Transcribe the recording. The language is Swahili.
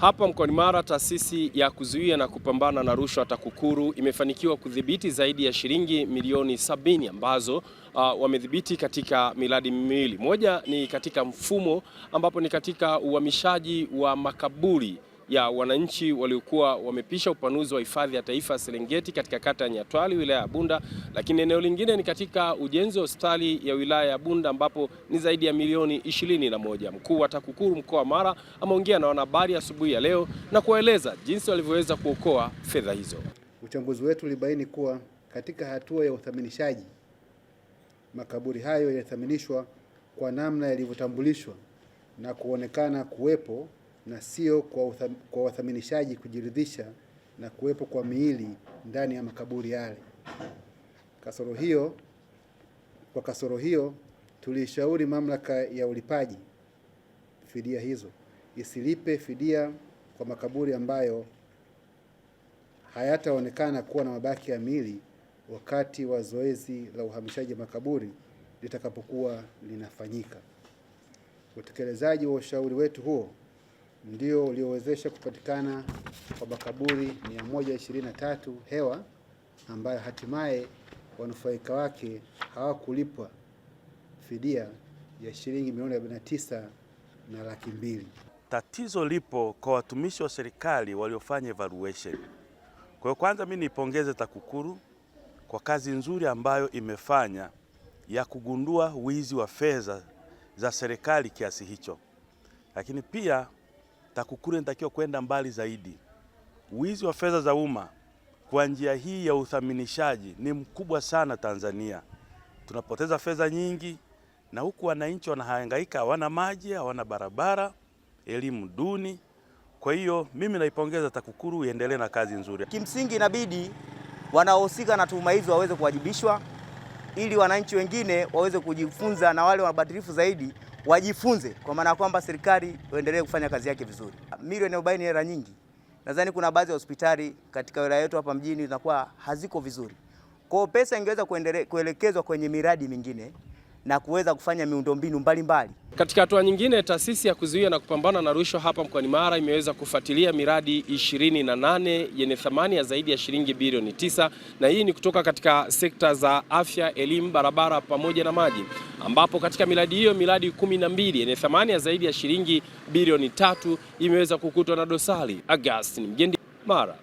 Hapa mkoani Mara, taasisi ya kuzuia na kupambana na rushwa TAKUKURU imefanikiwa kudhibiti zaidi ya shilingi milioni sabini ambazo uh, wamedhibiti katika miradi miwili. Moja ni katika mfumo ambapo ni katika uhamishaji wa makaburi ya wananchi waliokuwa wamepisha upanuzi wa hifadhi ya taifa ya Serengeti katika kata ya Nyatwali wilaya ya Bunda, lakini eneo lingine ni katika ujenzi wa hospitali ya wilaya ya Bunda ambapo ni zaidi ya milioni ishirini na moja. Mkuu wa TAKUKURU mkoa wa Mara ameongea na wanahabari asubuhi ya, leo na kuwaeleza jinsi walivyoweza kuokoa fedha hizo. Uchambuzi wetu ulibaini kuwa katika hatua ya uthaminishaji makaburi hayo yalithaminishwa kwa namna yalivyotambulishwa na kuonekana kuwepo na sio kwa, kwa wathaminishaji kujiridhisha na kuwepo kwa miili ndani ya makaburi yale. Kasoro hiyo, kwa kasoro hiyo tulishauri mamlaka ya ulipaji fidia hizo isilipe fidia kwa makaburi ambayo hayataonekana kuwa na mabaki ya miili wakati wa zoezi la uhamishaji wa makaburi litakapokuwa linafanyika. Utekelezaji wa ushauri wetu huo ndio uliowezesha kupatikana kwa makaburi 123 hewa ambayo hatimaye wanufaika wake hawakulipwa fidia ya shilingi milioni 49 na laki mbili. Tatizo lipo kwa watumishi wa serikali waliofanya evaluation. Kwa hiyo kwanza, mimi nipongeze TAKUKURU kwa kazi nzuri ambayo imefanya ya kugundua wizi wa fedha za serikali kiasi hicho, lakini pia TAKUKURU inatakiwa kwenda mbali zaidi. Wizi wa fedha za umma kwa njia hii ya uthaminishaji ni mkubwa sana Tanzania. Tunapoteza fedha nyingi, na huku wananchi wanahangaika, hawana maji, hawana barabara, elimu duni. Kwa hiyo mimi naipongeza TAKUKURU iendelee na kazi nzuri. Kimsingi inabidi wanaohusika na tuhuma hizo waweze kuwajibishwa ili wananchi wengine waweze kujifunza na wale wabadilifu zaidi wajifunze, kwa maana ya kwamba serikali waendelee kufanya kazi yake vizuri. Milioni arobaini hela nyingi. Nadhani kuna baadhi ya hospitali katika wilaya yetu hapa mjini zinakuwa haziko vizuri, kwa hiyo pesa ingeweza kuelekezwa kwenye miradi mingine na kuweza kufanya miundombinu mbalimbali. Katika hatua nyingine, taasisi ya kuzuia na kupambana na rushwa hapa mkoani Mara imeweza kufuatilia miradi 28 yenye thamani ya zaidi ya shilingi bilioni tisa na hii ni kutoka katika sekta za afya, elimu, barabara pamoja na maji, ambapo katika miradi hiyo miradi 12 yenye thamani ya zaidi ya shilingi bilioni tatu imeweza kukutwa na dosari. Augustine Mgendi, Mara.